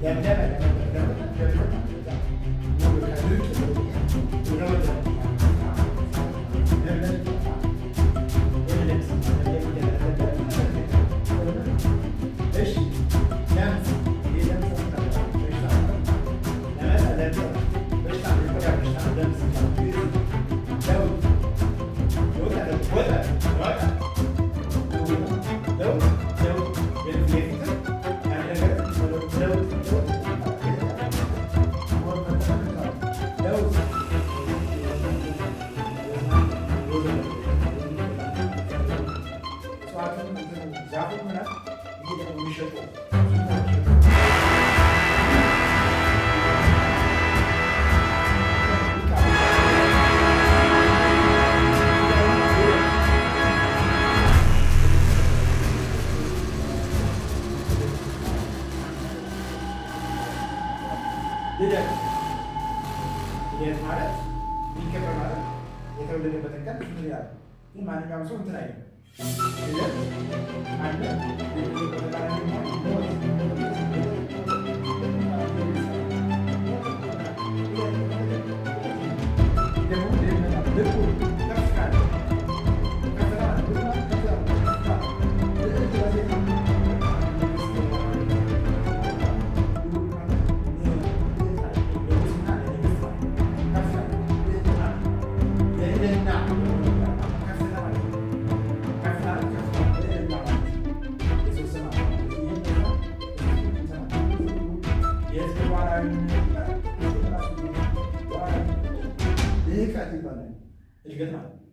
Yeah, ምናምን ሰው እንትን አይልም ልህቀት ይባላል። እድገት ማለት ነው።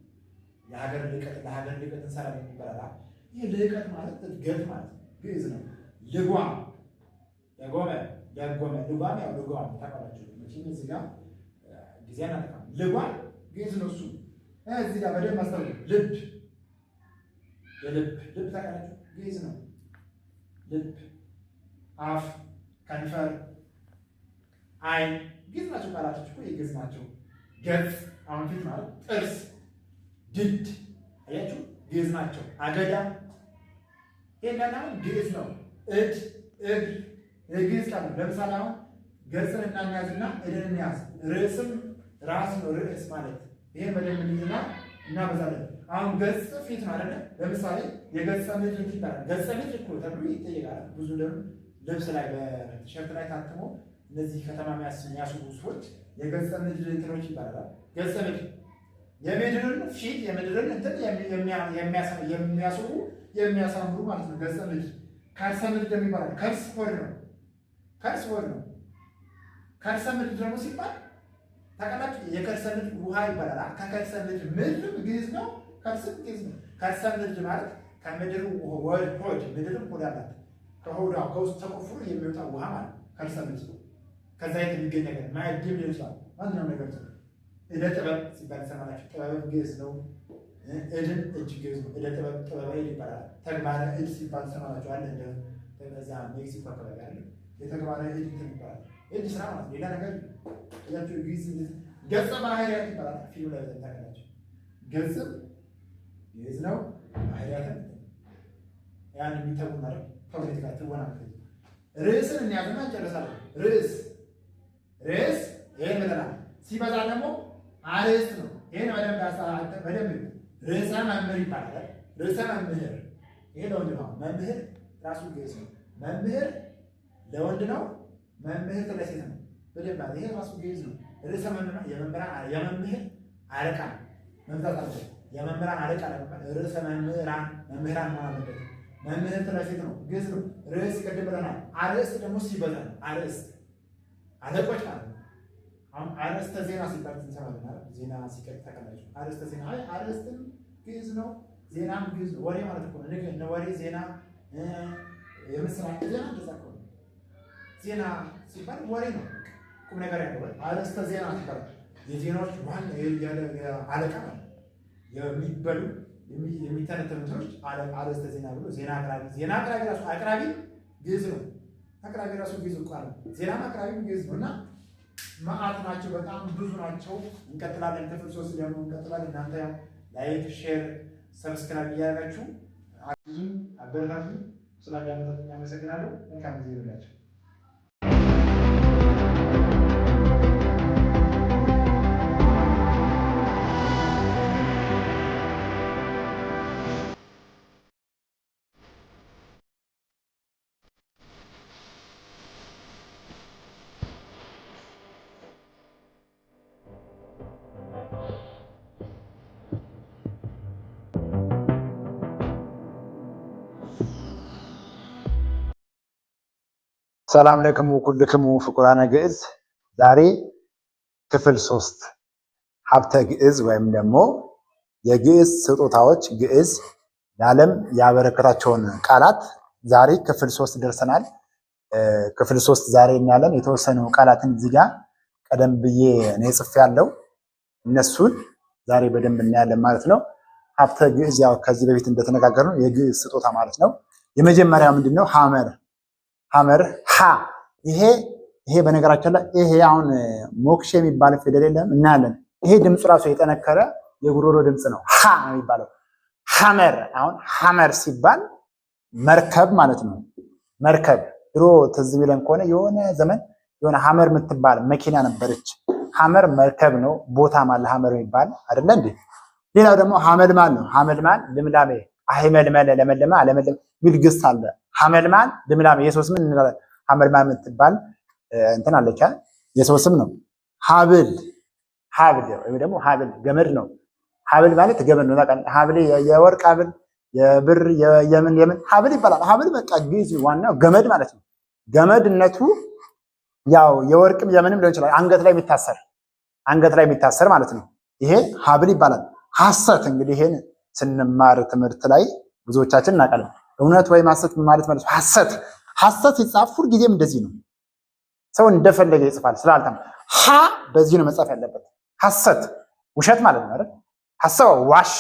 የሀገር ልህቀት ለሀገር ልህቀት እንሰራለን ይባላል። ይህ ልህቀት ማለት እድገት ማለት ግዕዝ ነው። ልጓም ለጎመ ለጎመ ልጓም ያው ልጓም ታውቃላችሁ። መቼም እዚህ ጋር ጊዜ አናጠፋም። ልጓም ግዕዝ ነው እሱ። እዚህ ጋር በደንብ አስተውሉ። ልብ የልብ ልብ ታውቃላችሁ። ግዕዝ ነው። ልብ፣ አፍ፣ ከንፈር አይ ግዕዝ ናቸው ቃላቶች እኮ የግዕዝ ናቸው። ገጽ አሁን ፊት ማለት ጥርስ፣ ድድ አያችሁ፣ ግዕዝ ናቸው። አገዳ ይሄና ግዕዝ ነው። እድ እግ ግዕዝ ቃል ለምሳሌ አሁን ገጽን እናንያዝና እድን እንያዝ። ርዕስም ራስ ነው። ርዕስ ማለት ይሄ በደንብ እንይዝና እናበዛለን። አሁን ገጽ ፊት ማለት ለምሳሌ የገጸ ምድር ፊት ይባላል። ገጸ ምድር እኮ ተብሎ ይጠየቃል። ብዙ ልብስ ላይ በቲሸርት ላይ ታትሞ እነዚህ ከተማ የሚያስቡ ሰዎች የገጸ ምድር እንትኖች ይባላል። ገጸ ምድር የምድርን ፊት የምድርን እንትን የሚያስቡ የሚያሳምሩ ማለት ነው። ገጸ ምድር ከርሰ ምድር የሚባላል ከርስ ወርድ ነው። ከርስ ወርድ ነው። ከርሰ ምድር ደግሞ ሲባል ተቀላጭ የከርሰ ምድር ውሃ ይባላል። ከከርሰ ምድር ምድርም ግዕዝ ነው። ከርስም ግዕዝ ነው። ከርሰ ምድር ማለት ከምድር ሆድ ምድርም ሆድ አላት። ከሆዷ ከውስጥ ተቆፍሮ የሚወጣ ውሃ ማለት ከርሰ ምድር ነው። ከዛ የት የሚገኝ ነገር ማዕድም ሊሆን ይችላል። ማንኛውም ነገር ነው። እደ ጥበብ ሲባል ሰማላቸው ጥበብ ግዕዝ ነው። እድን እጅ ግዕዝ ነው። እደ ጥበብ ጥበባዊ ይባላል። ተግባረ እድ ሲባል ሰማላቸው አለ። እንደ ዛ ሜክሲኮ አካባቢ አለ የተግባረ እድ ይባላል። እድ ስራ ማለት ሌላ ነገር ያቸው ግዕዝ ገጸ ባህርያት ይባላል። ፊሉ ላይ ታገላችሁ። ገጽ ግዕዝ ነው። ባህርያት ያን የሚተጉ ማለት ፖለቲካ ትወና ርዕስን እንያዝና እንጨርሳለን። ርዕስ ርዕስ ይህን ብለናል። ሲበዛ ደግሞ አርዕስት ነው። ይህን በደንብ በደንብ ርዕሰ መምህር ይባላል። ርዕሰ መምህር ይህ ለወንድ ነው። መምህር ራሱ ግዕዝ ነው። መምህር ለወንድ ነው። መምህር ለሴት ነው። በደንብ ይሄ ራሱ ግዕዝ ነው። ርዕሰ የመምህር አለቃ መብዛት አለ። የመምህራን አለቃ ርዕሰ መምህራን መምህራን መሆን አለበት። መምህር ነው። ግዕዝ ነው። ርዕስ ቅድም ብለናል። አርዕስት ደግሞ ሲበዛ አርዕስት አለቆች ማለት ነው። አሁን አርዕስተ ዜና ሲባል እንሰማለን አይደል? ዜና ሲቀጥ ተቀላጭ አርዕስተ ዜና አይ አርዕስትም ግዕዝ ነው፣ ዜናም ግዕዝ ነው። ወሬ ማለት እኮ ነው። እነ ወሬ ዜና፣ የምስራች ዜና እንደዛ እኮ ነው። ዜና ሲባል ወሬ ነው፣ ቁም ነገር ያለው። አርዕስተ ዜና ሲባል የዜናዎች ዋና አለቃ ነው። የሚበሉ የሚተነተኑ ሰዎች አርዕስተ ዜና ብሎ ዜና አቅራቢ ዜና አቅራቢ ራሱ አቅራቢ ግዕዝ ነው አቅራቢ ራሱ ግዕዝ እኮ አለ። ዜናም አቅራቢ ግዕዝ ነው እና መዓት ናቸው፣ በጣም ብዙ ናቸው። እንቀጥላለን። ክፍል ሶስት ደግሞ እንቀጥላለን። እናንተ ላይክ፣ ሼር፣ ሰብስክራይብ እያደረጋችሁ አብዙ አበረታቱ። ስላዳመጣችሁ አመሰግናለሁ። መልካም ጊዜ ይሁንላችሁ። ሰላም ለክሙ ኩልክሙ ፍቁራነ ግዕዝ። ዛሬ ክፍል ሶስት ሀብተ ግዕዝ ወይም ደግሞ የግዕዝ ስጦታዎች ግዕዝ ለዓለም ያበረከታቸውን ቃላት ዛሬ ክፍል ሶስት ደርሰናል። ክፍል ሶስት ዛሬ እናያለን። የተወሰኑ ቃላትን እዚህ ጋ ቀደም ብዬ ነው ጽፌ ያለው እነሱን ዛሬ በደንብ እናያለን ማለት ነው። ሀብተ ግዕዝ ያው ከዚህ በፊት እንደተነጋገርነው የግዕዝ ስጦታ ማለት ነው። የመጀመሪያው ምንድን ነው? ሐመር ሐመር ሀ ይሄ ይሄ በነገራችን ላይ ይሄ አሁን ሞክሼ የሚባል ፊደል የለም እናያለን። ይሄ ድምፁ ራሱ የጠነከረ የጉሮሮ ድምፅ ነው። ሀ ነው የሚባለው። ሐመር አሁን ሐመር ሲባል መርከብ ማለት ነው። መርከብ ድሮ ትዝ ቢለን ከሆነ የሆነ ዘመን የሆነ ሐመር የምትባል መኪና ነበረች። ሐመር መርከብ ነው። ቦታ አለ ሐመር የሚባል አይደለ እንዴ? ሌላው ደግሞ ሐመልማል ነው። ሐመልማል ልምላሜ አህመልመለ ለመለመ አለመለመ ሚል አለ። ሐመልማል ልምላም የሰው ስም ሐመልማል የምትባል እንትን አለቻ የሰው ስም ነው። ሀብል ሀብል ወይ ደግሞ ሀብል ገመድ ነው። ሀብል ማለት ገመድ ነው። ሀብል የወርቅ ሀብል፣ የብር የምን የምን ሀብል ይባላል። ሀብል በቃ ግዕዝ ዋናው ገመድ ማለት ነው። ገመድነቱ ያው የወርቅም የምንም ሊሆን ይችላል። አንገት ላይ የሚታሰር አንገት ላይ የሚታሰር ማለት ነው። ይሄ ሀብል ይባላል። ሐሰት እንግዲህ ይሄን ስንማር ትምህርት ላይ ብዙዎቻችን እናውቃለን። እውነት ወይም ሐሰት ማለት ማለት ሐሰት ሐሰት ሲጻፍ ሁል ጊዜም እንደዚህ ነው። ሰው እንደፈለገ ይጽፋል ስላልተም ሀ በዚህ ነው መጻፍ ያለበት። ሐሰት ውሸት ማለት ነው አይደል? ሐሰው ዋሸ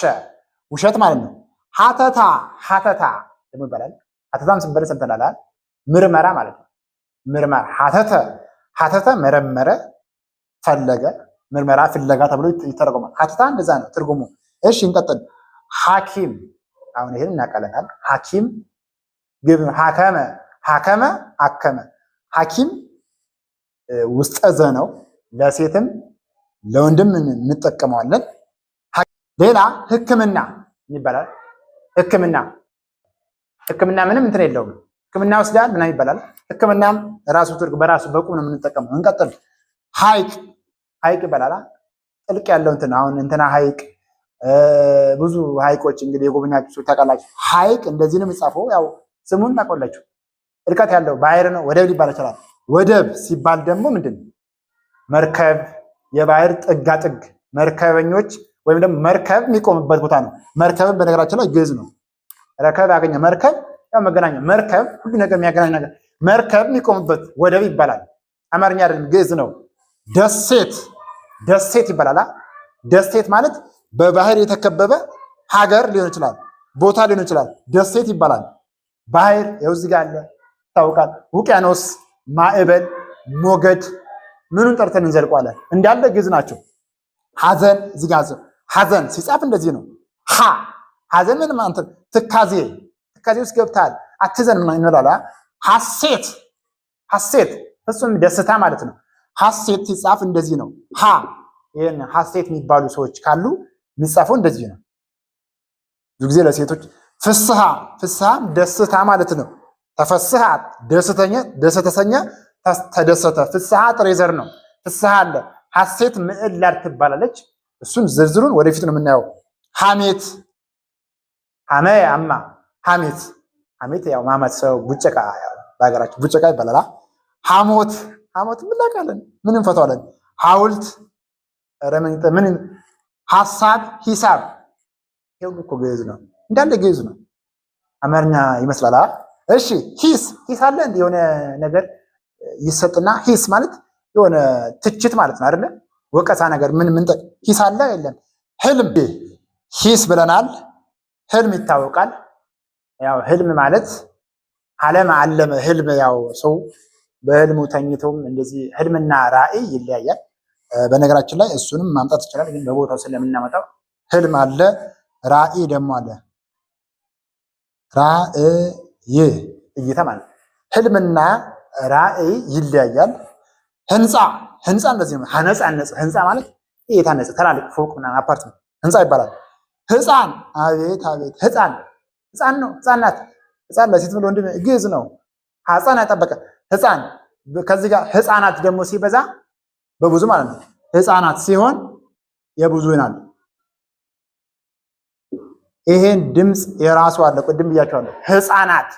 ውሸት ማለት ነው። ሀተታ ሀተታ ደግሞ ይባላል። ሀተታም ስንበል ሰምተናል። ምርመራ ማለት ነው። ምርመራ ሀተተ ሀተተ መረመረ፣ ፈለገ፣ ምርመራ፣ ፍለጋ ተብሎ ይተረጎማል። ሀተታ እንደዛ ነው ትርጉሙ። እሺ እንቀጥል። ሐኪም አሁን ይህን እናቀለናል። ሐኪም ግብ ሐከመ ሐከመ አከመ ሐኪም ውስጠ ዘነው ለሴትም ለወንድም እንጠቀመዋለን። ሌላ ህክምና ይባላል። ሕክምና ሕክምና ምንም እንትን የለውም። ህክምና ወስዳል ምናምን ይባላል። ሕክምናም ራሱ ትርጉም በራሱ በቁም ነው የምንጠቀመው። እንቀጥል። ሐይቅ ሐይቅ ይባላል። ጥልቅ ያለው እንትን አሁን እንትና ሐይቅ ብዙ ሐይቆች እንግዲህ የጎብኛችሁ ታውቃላችሁ። ሐይቅ እንደዚህ ነው የሚጻፈው። ያው ስሙን ታውቃላችሁ። እርቀት ያለው ባህር ነው፣ ወደብ ሊባል ይችላል። ወደብ ሲባል ደግሞ ምንድን ነው? መርከብ፣ የባህር ጥጋጥግ መርከበኞች ወይም ደግሞ መርከብ የሚቆምበት ቦታ ነው። መርከብን በነገራችን ላይ ግዕዝ ነው። ረከብ ያገኘ መርከብ ያው መገናኛ መርከብ ሁሉ ነገር የሚያገናኝ ነገር መርከብ የሚቆምበት ወደብ ይባላል። አማርኛ አይደለም ግዕዝ ነው። ደሴት ደሴት ይባላል። ደሴት ማለት በባህር የተከበበ ሀገር ሊሆን ይችላል፣ ቦታ ሊሆን ይችላል። ደሴት ይባላል። ባህር ያው እዚህ ጋር አለ ይታወቃል። ውቅያኖስ፣ ማዕበል፣ ሞገድ ምኑን ጠርተን እንዘልቋለን? እንዳለ ግዕዝ ናቸው። ሀዘን እዚህ ጋር ሐዘን ሲጻፍ እንደዚህ ነው። ሀ ሀዘን ምንም አንተ ትካዜ ትካዜ ውስጥ ገብታል። አትዘን ምን ሀሴት ሀሴት ፍጹም ደስታ ማለት ነው። ሀሴት ሲጻፍ እንደዚህ ነው። ሀ ይሄን ሀሴት የሚባሉ ሰዎች ካሉ የሚጻፈው እንደዚህ ነው። ብዙ ጊዜ ለሴቶች ፍስሐ ፍስሐም ደስታ ማለት ነው። ተፈስሐ ደስተኛ ደስተሰኛ ተደሰተ። ፍስሐ ጥሬ ዘር ነው። ፍስሐ አለ። ሐሴት ምዕላድ ትባላለች። እሱን ዝርዝሩን ወደፊት ነው የምናየው። ሐሜት ሐመ አማ ሐሜት ሐሜት ያው ማመት ሰው ቡጨቃ በሀገራችን ቡጨቃ ይባላል። ሐሞት ሐሞት ምን ላቃለን? ምንም ፈቷለን። ሐውልት ምን ሀሳብ ሂሳብ ይሄው እኮ ግዕዝ ነው እንዳለ ግዕዝ ነው። አማርኛ ይመስላል። እሺ ሂስ ሂስ አለ እንደ የሆነ ነገር ይሰጥና ሂስ ማለት የሆነ ትችት ማለት ነው አይደለ? ወቀሳ ነገር ምን ምን ሂስ አለ የለም። ህልም ሂስ ብለናል። ህልም ይታወቃል። ያው ህልም ማለት አለም አለመ ህልም ያው ሰው በህልሙ ተኝቶም እንደዚህ ህልምና ራእይ ይለያያል። በነገራችን ላይ እሱንም ማምጣት ይችላል፣ ግን በቦታው ስለምናመጣው ህልም አለ፣ ራእይ ደግሞ አለ። ራእይ እይታ ማለት ህልምና ራእይ ይለያያል። ህንፃ ህንፃ እንደዚህ ነው። ሀነፃነፅ ህንፃ ማለት ይሄ የታነፀ ትላልቅ ፎቅ ምናምን አፓርትመንት ህንፃ ይባላል። ህፃን አቤት አቤት ህፃን ህፃን ነው ህፃናት ህፃን ለሴት ብሎ ወንድ ግዕዝ ነው። ህፃን አይጠበቀ ህፃን ከዚህ ጋር ህፃናት ደግሞ ሲበዛ በብዙ ማለት ነው። ህፃናት ሲሆን የብዙ ይሆናል። ይሄን ድምፅ የራሱ አለ። ቅድም ብያቸዋለሁ። ህፃናት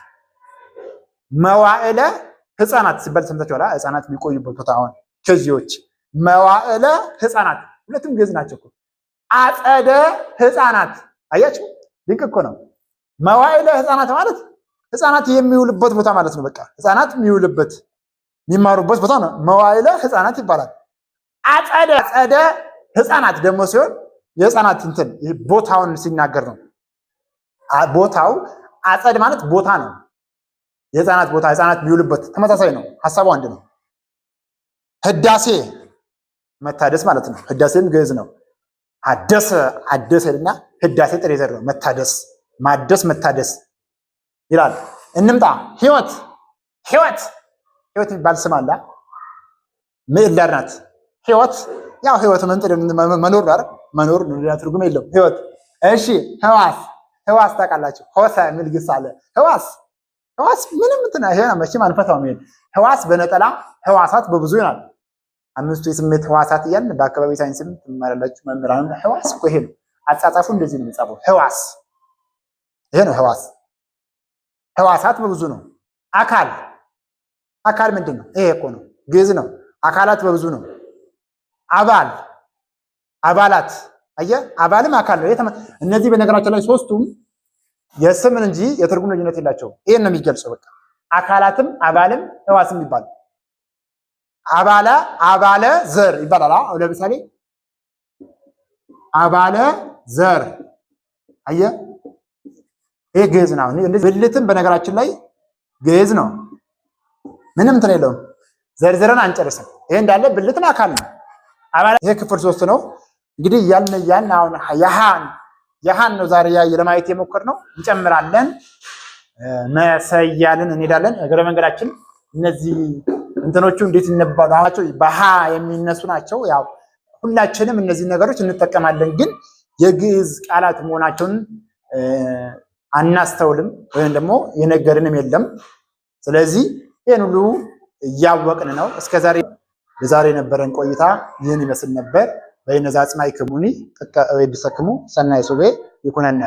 መዋዕለ ህፃናት ሲባል ሰምታችኋል። ህፃናት የሚቆዩበት ቦታ አሁን ከዚዎች መዋዕለ ህፃናት ሁለቱም ግዕዝ ናቸው። አጸደ ህፃናት አያችሁ፣ ድንቅ እኮ ነው። መዋዕለ ህፃናት ማለት ህፃናት የሚውልበት ቦታ ማለት ነው። በቃ ህፃናት የሚውልበት የሚማሩበት ቦታ ነው። መዋዕለ ህፃናት ይባላል። አጸደ አጸደ ህፃናት ደግሞ ሲሆን የህፃናት እንትን ቦታውን ሲናገር ነው። ቦታው አጸድ ማለት ቦታ ነው። የህፃናት ቦታ ህፃናት የሚውሉበት ተመሳሳይ ነው። ሀሳቡ አንድ ነው። ህዳሴ መታደስ ማለት ነው። ህዳሴም ግዕዝ ነው። አደሰ አደሰና ህዳሴ ጥሬ ዘር ነው። መታደስ ማደስ መታደስ ይላል። እንምጣ። ህይወት ህይወት ህይወት የሚባል ስም አለ። ምዕላድ ናት። ህይወት ያው ህይወት መንጥር መኖር ነው አይደል? መኖር ሌላ ትርጉም የለውም ህይወት። እሺ ህዋስ ህዋስ ታውቃላችሁ? ሆሳ የሚል ግስ አለ። ህዋስ ህዋስ ምንም እንትን አይሆን መቼም አንፈታው የሚል ህዋስ በነጠላ ህዋሳት በብዙ ይሆናል። አምስቱ የስሜት ህዋሳት እያልን በአካባቢ ሳይንስም ትማራላችሁ መምህራን። ህዋስ እኮ ይሄ ነው አጻጻፉ እንደዚህ ነው የሚጻፈው። ህዋስ ይሄ ነው ህዋስ። ህዋሳት በብዙ ነው። አካል አካል ምንድን ነው? ይሄ እኮ ነው ግዕዝ ነው። አካላት በብዙ ነው። አባል አባላት አየ አባልም አካል ነው። እነዚህ በነገራችን ላይ ሶስቱም የስምን እንጂ የትርጉም ልዩነት የላቸው ይሄን ነው የሚገልጸው። በቃ አካላትም አባልም ህዋስም ይባላል። አባለ አባለ ዘር ይባላል። ለምሳሌ አባለ ዘር አየ ይህ ግዕዝ ነው። ብልትም በነገራችን ላይ ግዕዝ ነው። ምንም እንትን የለውም። ዘርዝረን አንጨርስም። ይሄ እንዳለ ብልትም አካል ነው። አባላት ይሄ ክፍል ሶስት ነው። እንግዲህ ያን ያን አሁን ያሃን ያሃን ነው ዛሬ ለማየት የሞከርነው። እንጨምራለን መሰያልን እንሄዳለን። እግረ መንገዳችን እነዚህ እንትኖቹ እንዴት ይነባሉ ናቸው በሃ የሚነሱ ናቸው። ያው ሁላችንም እነዚህ ነገሮች እንጠቀማለን፣ ግን የግዕዝ ቃላት መሆናቸውን አናስተውልም ወይም ደግሞ የነገርንም የለም። ስለዚህ ይህን ሁሉ እያወቅን ነው እስከዛሬ የዛሬ የነበረን ቆይታ ይህን ይመስል ነበር። በይነዛ ጽማይ ክሙኒ ጥቀ ወይ ሰናይ ሱቤ ይኩነነ